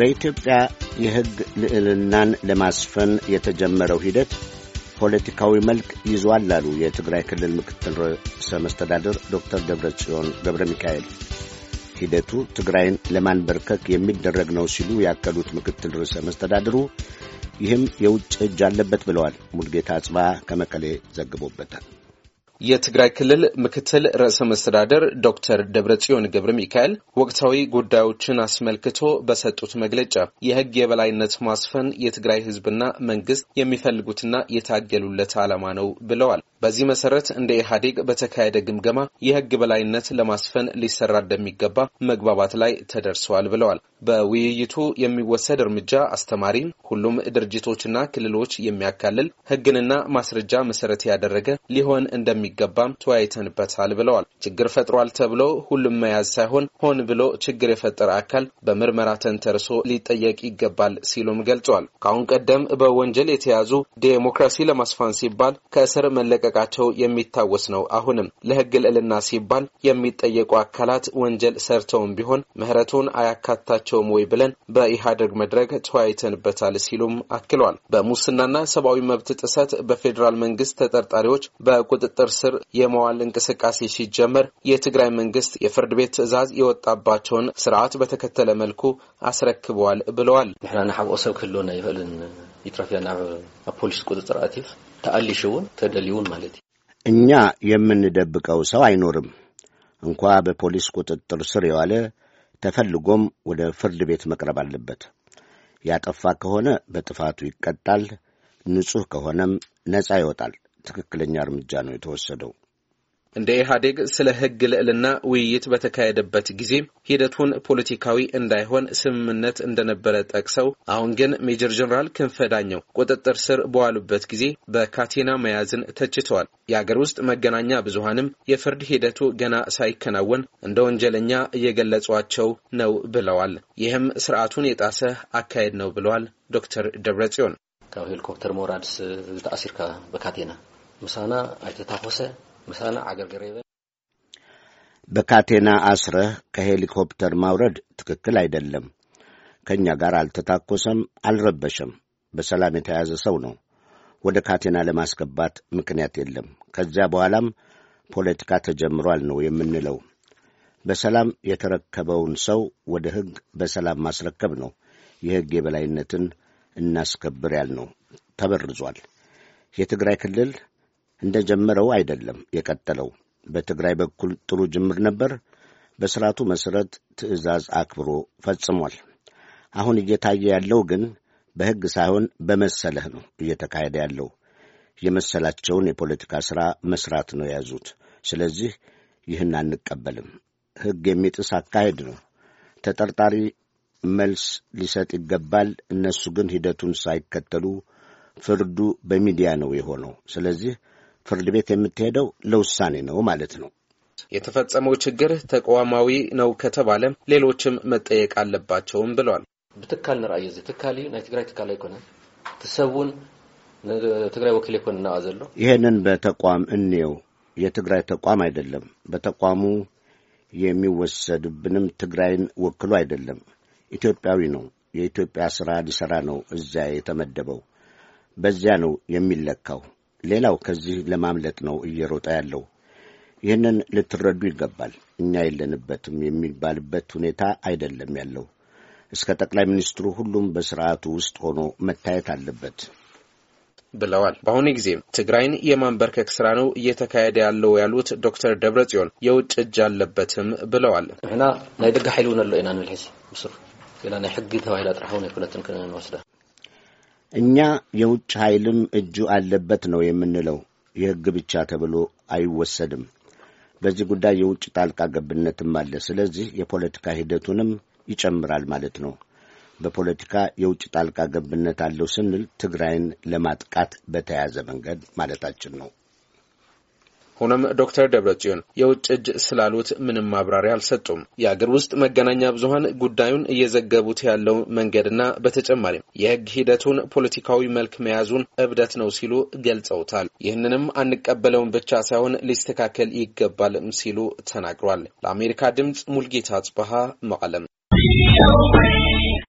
በኢትዮጵያ የሕግ ልዕልናን ለማስፈን የተጀመረው ሂደት ፖለቲካዊ መልክ ይዟል አሉ የትግራይ ክልል ምክትል ርዕሰ መስተዳድር ዶክተር ደብረ ጽዮን ገብረ ሚካኤል። ሂደቱ ትግራይን ለማንበርከክ የሚደረግ ነው ሲሉ ያከሉት ምክትል ርዕሰ መስተዳድሩ ይህም የውጭ እጅ አለበት ብለዋል። ሙልጌታ አጽባ ከመቀሌ ዘግቦበታል። የትግራይ ክልል ምክትል ርዕሰ መስተዳደር ዶክተር ደብረጽዮን ገብረ ሚካኤል ወቅታዊ ጉዳዮችን አስመልክቶ በሰጡት መግለጫ የህግ የበላይነት ማስፈን የትግራይ ህዝብና መንግስት የሚፈልጉትና የታገሉለት ዓላማ ነው ብለዋል። በዚህ መሰረት እንደ ኢህአዴግ በተካሄደ ግምገማ የህግ በላይነት ለማስፈን ሊሰራ እንደሚገባ መግባባት ላይ ተደርሰዋል ብለዋል። በውይይቱ የሚወሰድ እርምጃ አስተማሪ፣ ሁሉም ድርጅቶችና ክልሎች የሚያካልል ህግንና ማስረጃ መሰረት ያደረገ ሊሆን እንደሚገባም ተወያይተንበታል ብለዋል። ችግር ፈጥሯል ተብሎ ሁሉም መያዝ ሳይሆን ሆን ብሎ ችግር የፈጠረ አካል በምርመራ ተንተርሶ ሊጠየቅ ይገባል ሲሉም ገልጸዋል። ከአሁን ቀደም በወንጀል የተያዙ ዴሞክራሲ ለማስፋን ሲባል ከእስር መለቀቃቸው የሚታወስ ነው። አሁንም ለህግ ልዕልና ሲባል የሚጠየቁ አካላት ወንጀል ሰርተውም ቢሆን ምህረቱን አያካታቸው የላቸውም ወይ ብለን በኢህአደግ መድረክ ተወያይተንበታል ሲሉም አክሏል። በሙስናና ሰብአዊ መብት ጥሰት በፌዴራል መንግስት ተጠርጣሪዎች በቁጥጥር ስር የመዋል እንቅስቃሴ ሲጀመር የትግራይ መንግስት የፍርድ ቤት ትዕዛዝ የወጣባቸውን ስርዓት በተከተለ መልኩ አስረክበዋል ብለዋል። ንሕና ንሓብኦ ሰብ ክህልወና ይኽእልን ይትረፍያ ናብ ፖሊስ ቁጥጥር ኣቲፍ ተኣሊሽ እውን ተደልዩውን ማለት እዩ እኛ የምንደብቀው ሰው አይኖርም። እንኳ በፖሊስ ቁጥጥር ስር የዋለ ተፈልጎም ወደ ፍርድ ቤት መቅረብ አለበት። ያጠፋ ከሆነ በጥፋቱ ይቀጣል፣ ንጹሕ ከሆነም ነጻ ይወጣል። ትክክለኛ እርምጃ ነው የተወሰደው። እንደ ኢህአዴግ ስለ ህግ ልዕልና ውይይት በተካሄደበት ጊዜ ሂደቱን ፖለቲካዊ እንዳይሆን ስምምነት እንደነበረ ጠቅሰው አሁን ግን ሜጀር ጀኔራል ክንፈ ዳኘው ቁጥጥር ስር በዋሉበት ጊዜ በካቴና መያዝን ተችተዋል። የአገር ውስጥ መገናኛ ብዙሀንም የፍርድ ሂደቱ ገና ሳይከናወን እንደ ወንጀለኛ እየገለጿቸው ነው ብለዋል። ይህም ስርዓቱን የጣሰ አካሄድ ነው ብለዋል ዶክተር ጽዮን ካብ ሄሊኮፕተር ሞራድስ ተአሲርካ በካቴና ምሳና ኣይተታኮሰ በካቴና አስረህ ከሄሊኮፕተር ማውረድ ትክክል አይደለም። ከእኛ ጋር አልተታኮሰም፣ አልረበሸም። በሰላም የተያዘ ሰው ነው። ወደ ካቴና ለማስገባት ምክንያት የለም። ከዚያ በኋላም ፖለቲካ ተጀምሯል ነው የምንለው። በሰላም የተረከበውን ሰው ወደ ሕግ በሰላም ማስረከብ ነው የሕግ የበላይነትን እናስከብር ያልነው። ተበርዟል። የትግራይ ክልል እንደ ጀመረው አይደለም የቀጠለው። በትግራይ በኩል ጥሩ ጅምር ነበር። በስርዓቱ መሠረት ትዕዛዝ አክብሮ ፈጽሟል። አሁን እየታየ ያለው ግን በሕግ ሳይሆን በመሰለህ ነው እየተካሄደ ያለው። የመሰላቸውን የፖለቲካ ሥራ መሥራት ነው የያዙት። ስለዚህ ይህን አንቀበልም። ሕግ የሚጥስ አካሄድ ነው። ተጠርጣሪ መልስ ሊሰጥ ይገባል። እነሱ ግን ሂደቱን ሳይከተሉ ፍርዱ በሚዲያ ነው የሆነው። ስለዚህ ፍርድ ቤት የምትሄደው ለውሳኔ ነው ማለት ነው። የተፈጸመው ችግር ተቋማዊ ነው ከተባለ ሌሎችም መጠየቅ አለባቸውም ብለዋል። ብትካል ንርአየ እዚ ትካል ናይ ትግራይ ትካል አይኮነ ትሰውን ትግራይ ወኪል ይኮን እናዋ ዘሎ ይህንን በተቋም እንየው የትግራይ ተቋም አይደለም። በተቋሙ የሚወሰድብንም ትግራይን ወክሎ አይደለም። ኢትዮጵያዊ ነው። የኢትዮጵያ ሥራ ሊሠራ ነው እዚያ የተመደበው። በዚያ ነው የሚለካው። ሌላው ከዚህ ለማምለጥ ነው እየሮጠ ያለው። ይህንን ልትረዱ ይገባል። እኛ የለንበትም የሚባልበት ሁኔታ አይደለም ያለው። እስከ ጠቅላይ ሚኒስትሩ ሁሉም በስርዓቱ ውስጥ ሆኖ መታየት አለበት ብለዋል። በአሁኑ ጊዜ ትግራይን የማንበርከክ ስራ ነው እየተካሄደ ያለው ያሉት ዶክተር ደብረጽዮን የውጭ እጅ አለበትም ብለዋል። ንሕና ናይ ደጋ ሓይል እውን ኣሎ ኢና ንብል ሕዚ ምስር ናይ ሕጊ ተባሂላ ጥራሕ እውን ኣይኮነትን ክንወስዳ እኛ የውጭ ኃይልም እጁ አለበት ነው የምንለው። የሕግ ብቻ ተብሎ አይወሰድም። በዚህ ጉዳይ የውጭ ጣልቃ ገብነትም አለ። ስለዚህ የፖለቲካ ሂደቱንም ይጨምራል ማለት ነው። በፖለቲካ የውጭ ጣልቃ ገብነት አለው ስንል ትግራይን ለማጥቃት በተያያዘ መንገድ ማለታችን ነው። ሆኖም ዶክተር ደብረጽዮን የውጭ እጅ ስላሉት ምንም ማብራሪያ አልሰጡም። የአገር ውስጥ መገናኛ ብዙሀን ጉዳዩን እየዘገቡት ያለው መንገድና በተጨማሪም የህግ ሂደቱን ፖለቲካዊ መልክ መያዙን እብደት ነው ሲሉ ገልጸውታል። ይህንንም አንቀበለውም ብቻ ሳይሆን ሊስተካከል ይገባልም ሲሉ ተናግሯል። ለአሜሪካ ድምፅ ሙልጌታ አጽበሃ መቀለም